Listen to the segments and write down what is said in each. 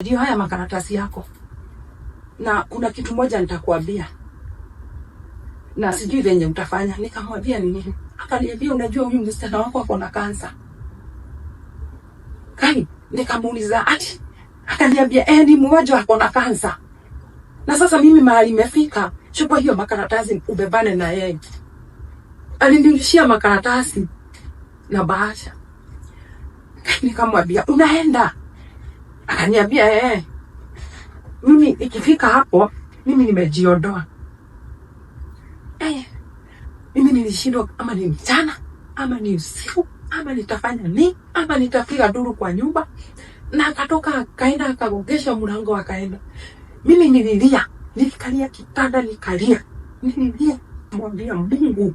Ndio haya makaratasi yako, na kuna kitu moja nitakuambia, na sijui venye utafanya. Nikamwambia ni nini? Akaniambia, unajua huyu msichana wako ako na kansa. Kai nikamuuliza ati, akaniambia eh, ni mmoja ako na kansa, na sasa mimi mahali imefika, chukua hiyo makaratasi ubebane na yeye. Alinirudishia makaratasi na bahasha, nikamwambia unaenda akaniambia eh, eh, mimi ikifika hapo mimi nimejiondoa. Eh, mimi nilishindwa ama ni mchana ama ni usiku ama nitafanya nini ama nitapiga duru kwa nyumba, na akatoka akaenda akagogesha mlango akaenda. Mimi nililia, nilikalia kitanda, nikalia, nililia mwambia Mungu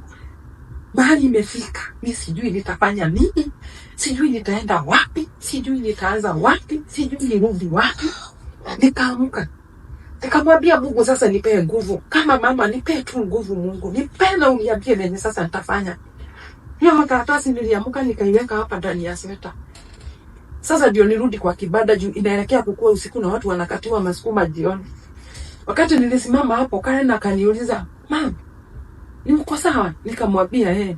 mahali imefika, mi sijui nitafanya nini, sijui nitaenda wapi, sijui nitaanza wapi, sijui nirudi wapi. Nikaamka nikamwambia Mungu, sasa nipee nguvu kama mama, nipee tu nguvu Mungu, nipena uniambie venye sasa nitafanya. Hiyo makaratasi. Niliamka nikaiweka hapa ndani ya sweta. Sasa ndio nirudi kwa kibada juu inaelekea kukua usiku na watu wanakatiwa masukuma jioni. Wakati nilisimama hapo, Karen akaniuliza, mama nimko sawa. Nikamwambia eh,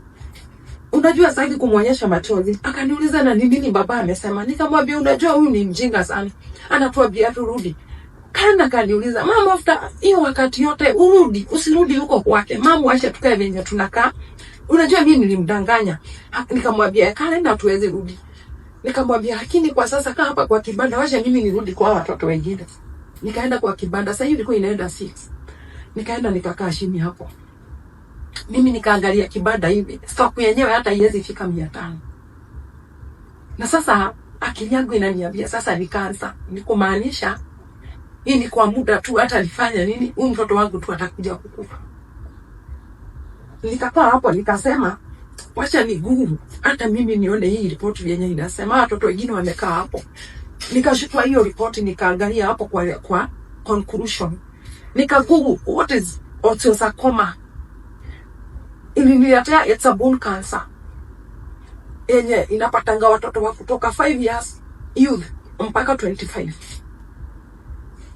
unajua sitaki kumwonyesha machozi. Akaniuliza na nini baba amesema, nikamwambia unajua huyu ni mjinga sana, anatuambia turudi kana kaniuliza mama, afta hiyo wakati yote urudi, usirudi huko kwake mama, acha tukae venye tunakaa. Unajua mimi nilimdanganya, nikamwambia eh, kale na tuweze rudi, nikamwambia lakini kwa sasa kaa hapa kwa kibanda, wacha mimi nirudi kwa watoto wengine. Nikaenda kwa kibanda, sasa hivi ilikuwa inaenda 6 nikaenda nikakaa chini hapo mimi nikaangalia kibanda hivi stock yenyewe hata iwezi fika mia tano na sasa akili yangu inaniambia sasa ni kansa, ni kumaanisha hii ni kwa muda tu, hata nifanye nini, huyu mtoto wangu tu atakuja kukufa. Nikakaa hapo nikasema wacha ni gumu, hata mimi nione hii ripoti yenye inasema. Watoto wengine wamekaa hapo, nikashukua hiyo ripoti, nikaangalia hapo kwa, kwa conclusion, nikagugu what is osteosarcoma iliniletea it's a bone cancer yenye inapatanga watoto wa kutoka 5 years youth mpaka 25.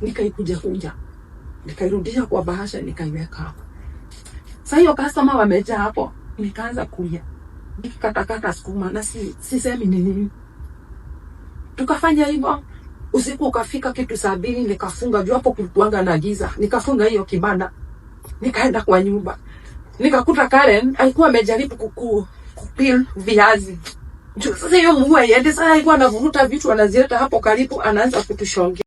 Nikaikuja kuja nikairudisha kwa bahasha nikaiweka hapo. Sasa hiyo customer wameja hapo, nikaanza kuya nikikatakata sukuma na si, sisemi ni nini. Tukafanya hivyo usiku ukafika kitu saa mbili, nikafunga juu hapo kulikuanga na giza, nikafunga hiyo kibanda, nikaenda kwa nyumba nikakuta Karen alikuwa amejaribu kuku kupil viazi Sasa hiyo mguu aiende sasa alikuwa anavuruta vitu anazileta hapo karibu, anaanza kutushongea.